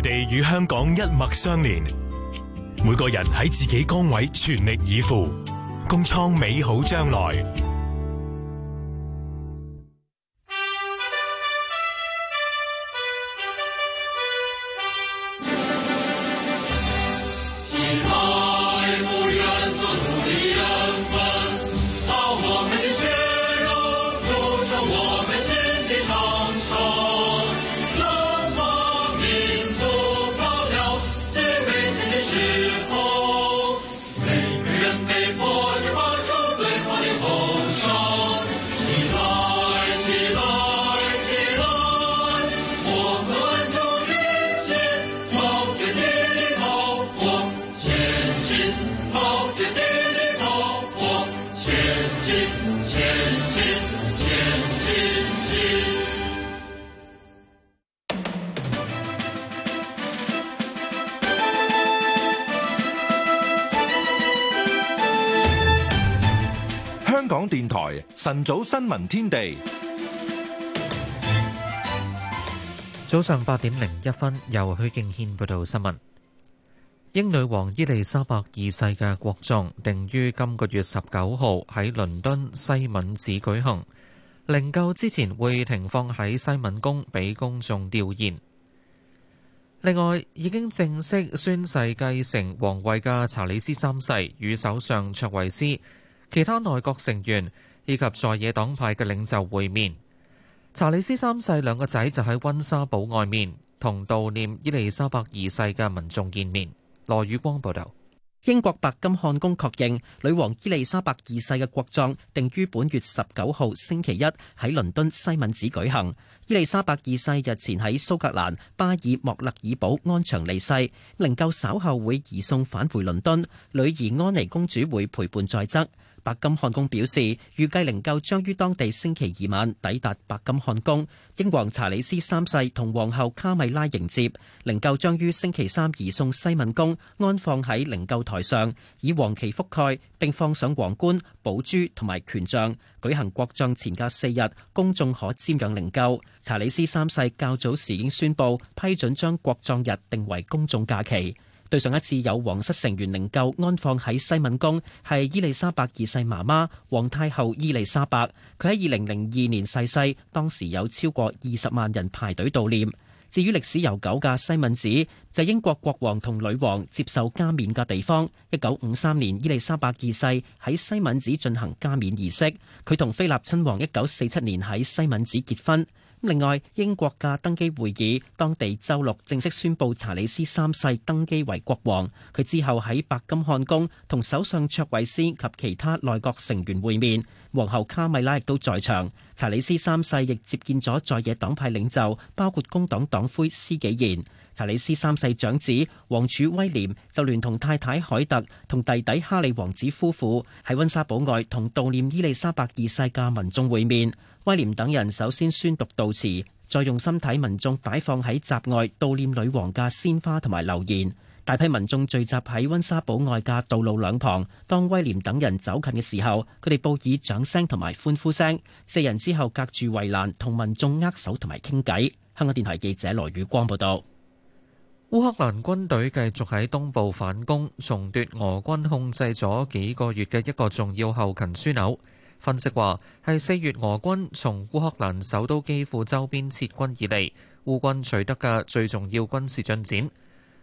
我哋與香港一脈相連，每個人喺自己崗位全力以赴，共創美好將來。晨早新聞天地，早上八點零一分，由許敬軒報道新聞。英女王伊麗莎白二世嘅國葬定於今個月十九號喺倫敦西敏寺舉行，靈柩之前會停放喺西敏宮，俾公眾弔唁。另外，已經正式宣誓繼承皇位嘅查理斯三世與首相卓維斯，其他內閣成員，以及在野黨派嘅領袖會面。查理斯三世兩個仔就喺溫莎堡外面同悼念伊麗莎白二世嘅民眾見面。羅宇光報道。英國白金漢宮確認，女王伊麗莎白二世嘅國葬定於本月十九號星期一喺倫敦西敏寺舉行。伊麗莎白二世日前喺蘇格蘭巴爾莫勒爾堡安詳離世，能夠稍後會移送返回倫敦，女兒安妮公主會陪伴在側。白金漢宮表示，預計靈柩將於當地星期二晚抵達白金漢宮，英皇查理斯三世同皇后卡米拉迎接。靈柩將於星期三移送西敏宮，安放喺靈柩台上，以黃旗覆蓋並放上皇冠、寶珠同埋權杖。舉行國葬前隔四日，公眾可瞻仰靈柩。查理斯三世較早時已經宣布批准將國葬日定為公眾假期。對上一次有皇室成員靈柩安放喺西敏宮，係伊利沙伯二世媽媽皇太后伊利沙伯。佢喺二零零二年逝世，當時有超過二十萬人排隊悼念。至於歷史悠久嘅西敏寺，就係英國國王同女王接受加冕嘅地方。一九五三年，伊利沙伯二世喺西敏寺進行加冕儀式。佢同菲臘親王一九四七年喺西敏寺結婚。另外，英國嘅登基會議，當地週六正式宣布查理斯三世登基為國王。佢之後喺白金漢宮同首相卓慧思及其他內閣成員會面，皇后卡米拉亦都在場。查理斯三世亦接見咗在野黨派領袖，包括工黨黨魁施紀賢。查理斯三世長子王儲威廉就聯同太太凱特同弟弟哈利王子夫婦喺溫莎堡外同悼念伊麗莎白二世嘅民眾會面。威廉等人首先宣讀悼詞，再用心睇民眾擺放喺閘外悼念女王嘅鮮花同埋留言。大批民眾聚集喺温莎堡外嘅道路兩旁，當威廉等人走近嘅時候，佢哋報以掌聲同埋歡呼聲。四人之後隔住圍欄同民眾握手同埋傾偈。香港電台記者羅宇光報道。烏克蘭軍隊繼續喺東部反攻，重奪俄軍控制咗幾個月嘅一個重要後勤樞紐。分析話係四月俄軍從烏克蘭首都基輔周邊撤軍以嚟，烏軍取得嘅最重要軍事進展。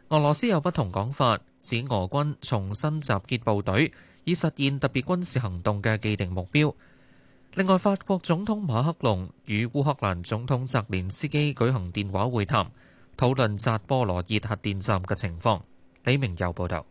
俄羅斯有不同講法，指俄軍重新集結部隊，以實現特別軍事行動嘅既定目標。另外，法國總統馬克龍與烏克蘭總統澤連斯基舉行電話會談，討論扎波羅熱核電站嘅情況。李明又報道，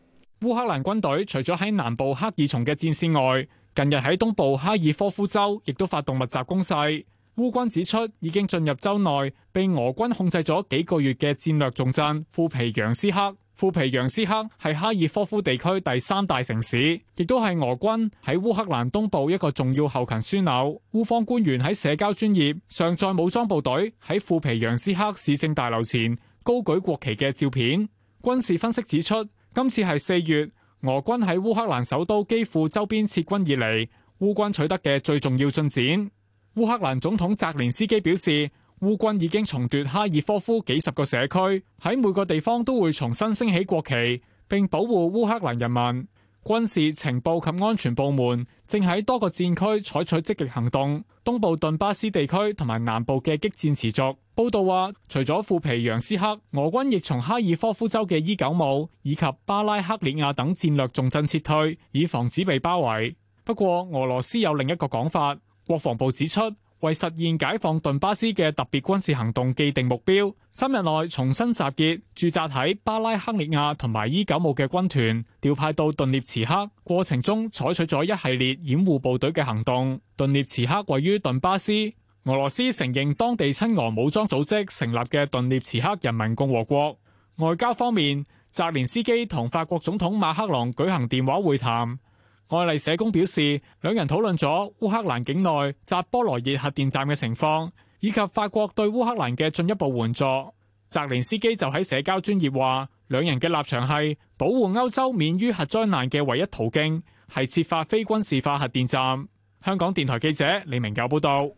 烏克蘭軍隊除咗喺南部赫爾松嘅戰線外，近日喺東部哈爾科夫州，亦都發動密集攻勢。烏軍指出，已經進入州內被俄軍控制咗幾個月嘅戰略重鎮庫皮揚斯克。庫皮揚斯克係哈爾科夫地區第三大城市，亦都係俄軍喺烏克蘭東部一個重要後勤樞紐。烏方官員喺社交專業上載武裝部隊喺庫皮揚斯克市政大樓前高舉國旗嘅照片。軍事分析指出，今次係四月。俄軍喺烏克蘭首都基輔周邊撤軍以嚟，烏軍取得嘅最重要進展。烏克蘭總統澤連斯基表示，烏軍已經重奪哈爾科夫幾十個社區，喺每個地方都會重新升起國旗，並保護烏克蘭人民。軍事情報及安全部門正喺多個戰區採取積極行動。東部頓巴斯地區同埋南部嘅激戰持續。報道話，除咗庫皮揚斯克，俄軍亦從哈爾科夫州嘅伊久姆以及巴拉克里亞等戰略重鎮撤退，以防止被包圍。不過，俄羅斯有另一個講法。國防部指出。為實現解放頓巴斯嘅特別軍事行動既定目標，三日內重新集結駐紮喺巴拉克利亞同埋伊久姆嘅軍團，調派到頓涅茨克過程中採取咗一系列掩護部隊嘅行動。頓涅茨克位於頓巴斯，俄羅斯承認當地親俄武裝組織成立嘅頓涅茨克人民共和國。外交方面，澤連斯基同法國總統馬克龍舉行電話會談。外嚟舍宮表示，兩人討論咗烏克蘭境內扎波羅熱核電站嘅情況，以及法國對烏克蘭嘅進一步援助。澤連斯基就喺社交專業話，兩人嘅立場係保護歐洲免於核災難嘅唯一途徑，係設法非軍事化核電站。香港電台記者李明九報道。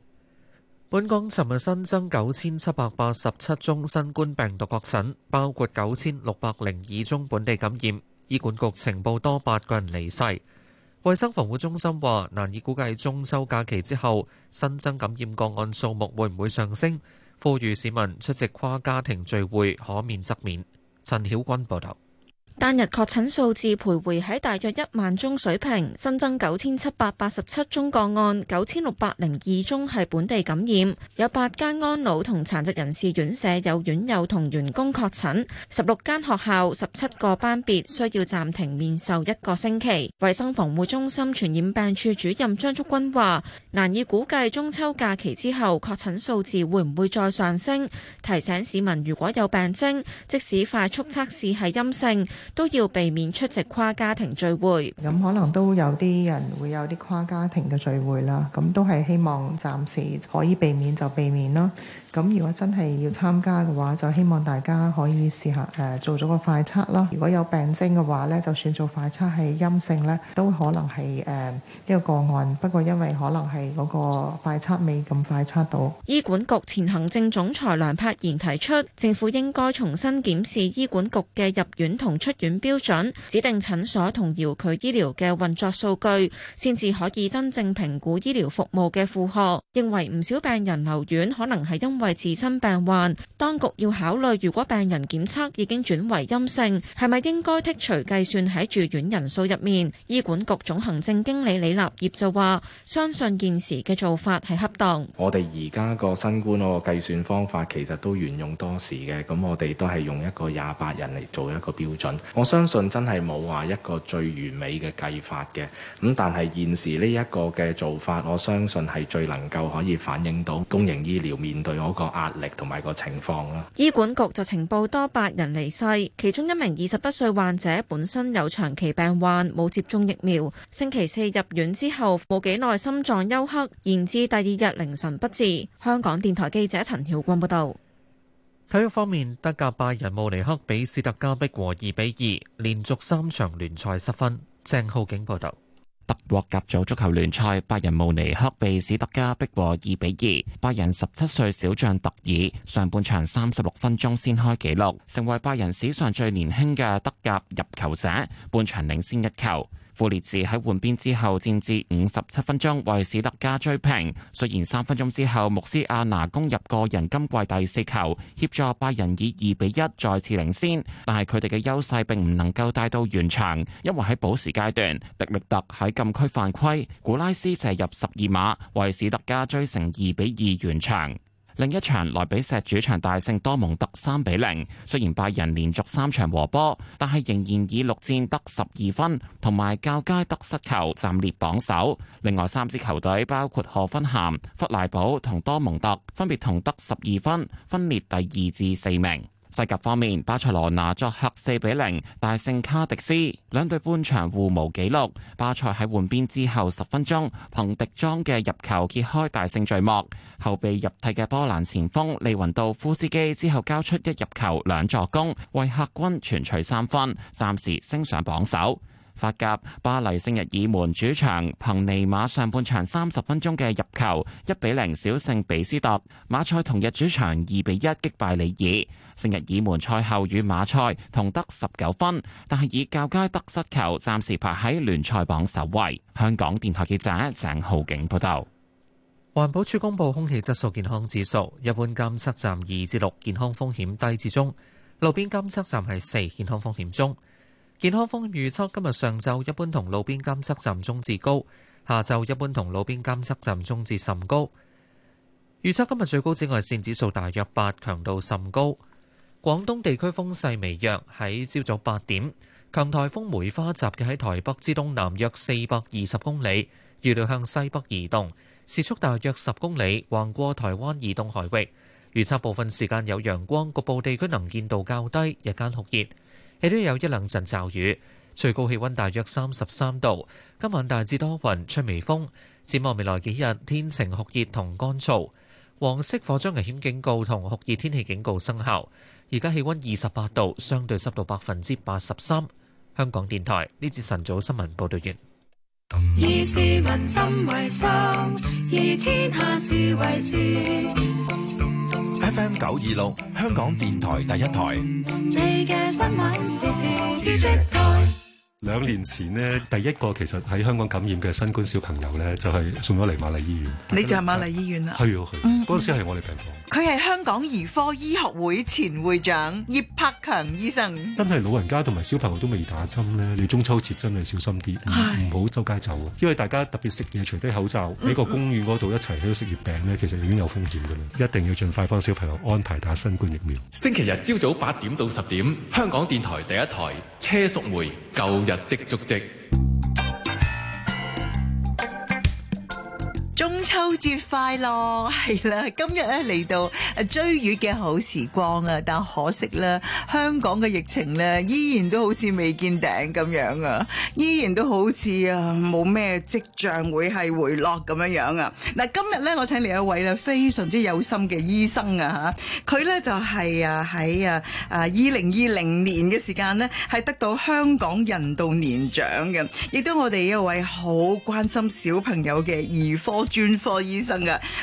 本港尋日新增九千七百八十七宗新冠病毒確診，包括九千六百零二宗本地感染。醫管局呈報多八個人離世。衛生防護中心話，難以估計中秋假期之後新增感染個案數目會唔會上升，呼籲市民出席跨家庭聚會可免則免。陳曉君報道。單日確診數字徘徊喺大約一萬宗水平，新增九千七百八十七宗個案，九千六百零二宗係本地感染。有八間安老同殘疾人士院舍有院友同員工確診，十六間學校、十七個班別需要暫停面授一個星期。衛生防護中心傳染病處主任張竹君話，難以估計中秋假期之後確診數字會唔會再上升，提醒市民如果有病徵，即使快速測試係陰性，都要避免出席跨家庭聚會，咁可能都有啲人會有啲跨家庭嘅聚會啦，咁都係希望暫時可以避免就避免咯。咁如果真係要參加嘅話，就希望大家可以試下誒、呃、做咗個快測啦。如果有病徵嘅話咧，就算做快測係陰性咧，都可能係誒一個個案。不過因為可能係嗰個快測未咁快測到。醫管局前行政總裁梁柏賢提出，政府應該重新檢視醫管局嘅入院同出院標準、指定診所同遙距醫療嘅運作數據，先至可以真正評估醫療服務嘅負荷，認為唔少病人留院可能係因為。係自身病患，當局要考慮如果病人檢測已經轉為陰性，係咪應該剔除計算喺住院人數入面？醫管局總行政經理李立業就話，相信現時嘅做法係恰當。我哋而家個新冠嗰個計算方法其實都沿用多時嘅，咁我哋都係用一個廿八人嚟做一個標準。我相信真係冇話一個最完美嘅計法嘅，咁但係現時呢一個嘅做法，我相信係最能夠可以反映到公營醫療面對我。嗰個壓力同埋個情況啦。醫管局就呈報多八人離世，其中一名二十一歲患者本身有長期病患，冇接種疫苗。星期四入院之後，冇幾耐心臟休克，延至第二日凌晨不治。香港電台記者陳曉光報道。體育方面，德甲拜仁慕尼黑比斯特加逼和二比二，連續三場聯賽失分。鄭浩景報導。德國甲組足球聯賽，拜仁慕尼黑被史特加逼和二比二。拜仁十七歲小將特爾上半場三十六分鐘先開紀錄，成為拜仁史上最年輕嘅德甲入球者，半場領先一球。富列治喺換邊之後戰至五十七分鐘，為史特加追平。雖然三分鐘之後穆斯亞拿攻入個人今季第四球，協助拜仁以二比一再次領先，但係佢哋嘅優勢並唔能夠帶到完場，因為喺補時階段，迪米特喺禁區犯規，古拉斯射入十二碼，為史特加追成二比二完場。另一場萊比錫主場大勝多蒙特三比零，0，雖然拜仁連續三場和波，但係仍然以六戰得十二分，同埋較佳得失球，暫列榜首。另外三支球隊包括賀芬咸、弗賴堡同多蒙特，分別同得十二分，分列第二至四名。西甲方面，巴塞羅那作客四比零大勝卡迪斯，兩隊半場互無紀錄。巴塞喺換邊之後十分鐘，彭迪莊嘅入球揭開大勝序幕。後備入替嘅波蘭前鋒利雲道夫斯基之後交出一入球兩助攻，為客軍全取三分，暫時升上榜首。法甲巴黎聖日耳門主場，彭尼馬上半場三十分鐘嘅入球，一比零小勝比斯特，馬賽同日主場二比一擊敗里爾。聖日耳門賽後與馬賽同得十九分，但係以較佳得失球，暫時排喺聯賽榜首位。香港電台記者鄭浩景報道。環保署公布空氣質素健康指數，一般監測站二至六，6，健康風險低至中；路邊監測站係四，健康風險中。健康風預測今日上晝一般同路邊監測站中至高，下晝一般同路邊監測站中至甚高。預測今日最高紫外線指數大約八，強度甚高。廣東地區風勢微弱。喺朝早八點，強颱風梅花集結喺台北之東南約四百二十公里，預料向西北移動，時速大約十公里，橫過台灣移動海域。預測部分時間有陽光，局部地區能見度較低，日間酷熱。亦都有一兩陣驟雨，最高氣温大約三十三度。今晚大致多雲，吹微風。展望未來幾日，天晴酷熱同乾燥。黃色火災危險警告同酷熱天氣警告生效。而家氣温二十八度，相對濕度百分之八十三。香港電台呢節晨早新聞報道完。以市民心為 FM 九二六，26，香港電台第一台。兩年前呢，第一個其實喺香港感染嘅新冠小朋友呢，就係、是、送咗嚟瑪麗醫院。你就係瑪麗醫院啦。係啊但，係，嗰、嗯嗯、時係我哋病房。佢係香港兒科醫學會前會長葉柏強醫生。真係老人家同埋小朋友都未打針呢，你中秋節真係小心啲，唔好周街走啊！因為大家特別食嘢，除低口罩喺、嗯嗯、個公園嗰度一齊喺度食月餅呢，其實已經有風險噶啦。一定要盡快幫小朋友安排打新冠疫苗。星期日朝早八點到十點，香港電台第一台車淑梅舊日的足跡。Yeah, 快樂係啦，今日咧嚟到誒追月嘅好時光啊！但係可惜咧，香港嘅疫情咧依然都好似未見頂咁樣啊，依然都好似啊冇咩跡象會係回落咁樣樣啊！嗱，今日咧我請嚟一位啦，非常之有心嘅醫生啊吓，佢咧就係啊喺啊啊二零二零年嘅時間咧係得到香港人道年獎嘅，亦都我哋一位好關心小朋友嘅兒科專科醫生。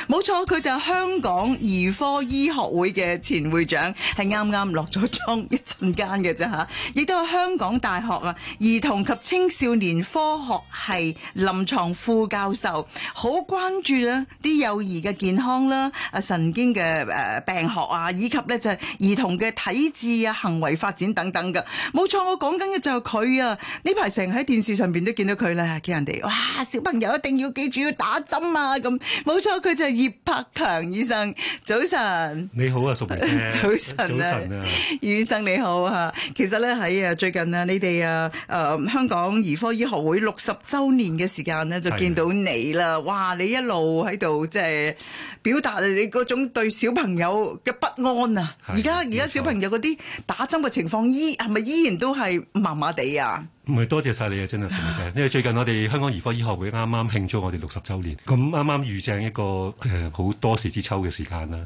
冇錯，佢就係香港兒科醫學會嘅前會長，係啱啱落咗妝一陣間嘅啫吓，亦都係香港大學啊兒童及青少年科學系臨床副教授，好關注啊啲幼兒嘅健康啦，啊神經嘅誒病學啊，以及咧就係兒童嘅體智啊、行為發展等等噶。冇錯，我講緊嘅就係佢啊，呢排成日喺電視上邊都見到佢啦，叫人哋哇小朋友一定要記住要打針啊咁，冇錯，佢就係葉柏強醫生，早晨。你好啊，蘇醫生。早晨啊，葉醫生你好啊。其實咧喺啊最近啊，你哋啊誒香港兒科醫學會六十周年嘅時間咧，就見到你啦。哇，你一路喺度即係表達你嗰種對小朋友嘅不安啊！而家而家小朋友嗰啲打針嘅情況，依係咪依然都係麻麻地啊？唔係多謝晒你啊！真係，淑梅姐，因為最近我哋香港兒科醫學會啱啱慶祝我哋六十週年，咁啱啱遇正一個誒好、呃、多事之秋嘅時間啦。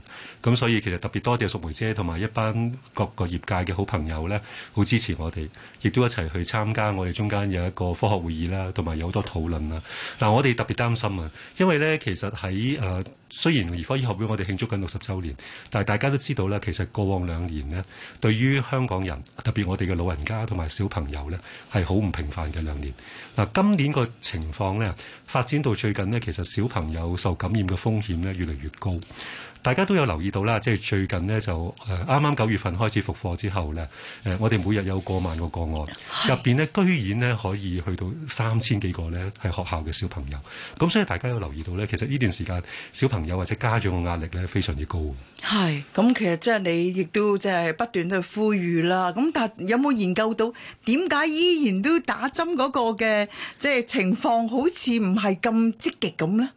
咁所以其實特別多謝淑梅姐同埋一班各個業界嘅好朋友咧，好支持我哋，亦都一齊去參加我哋中間有一個科學會議啦，同埋有好多討論啦。但我哋特別擔心啊，因為咧其實喺誒、呃、雖然兒科醫學會我哋慶祝緊六十週年，但係大家都知道啦，其實過往兩年呢，對於香港人，特別我哋嘅老人家同埋小朋友咧，係。好唔平凡嘅兩年嗱。啊，今年個情況呢，發展到最近呢，其實小朋友受感染嘅風險呢，越嚟越高。大家都有留意到啦，即係最近呢，就誒啱啱九月份開始復課之後呢，誒我哋每日有過萬個個案，入邊呢，居然呢，可以去到三千幾個呢係學校嘅小朋友。咁所以大家有留意到呢，其實呢段時間小朋友或者家長嘅壓力呢，非常之高。係，咁其實即係你亦都即係不斷去呼籲啦。咁但有冇研究到點解依然都打針嗰個嘅即係情況好似唔係咁積極咁呢？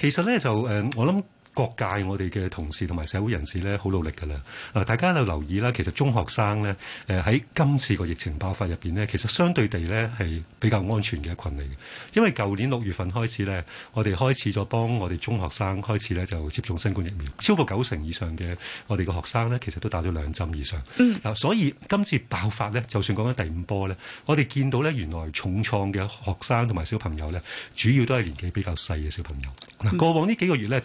其實呢，就誒，我諗。各界我哋嘅同事同埋社會人士咧，好努力噶啦。嗱，大家就留意啦。其實中學生咧，誒，喺今次個疫情爆發入邊咧，其實相對地咧係比較安全嘅一群嚟嘅，因為舊年六月份開始咧，我哋開始咗幫我哋中學生開始咧就接種新冠疫苗，超過九成以上嘅我哋嘅學生咧，其實都打咗兩針以上。嗯，嗱，所以今次爆發咧，就算講緊第五波咧，我哋見到咧，原來重創嘅學生同埋小朋友咧，主要都係年紀比較細嘅小朋友。嗱，過往呢幾個月咧。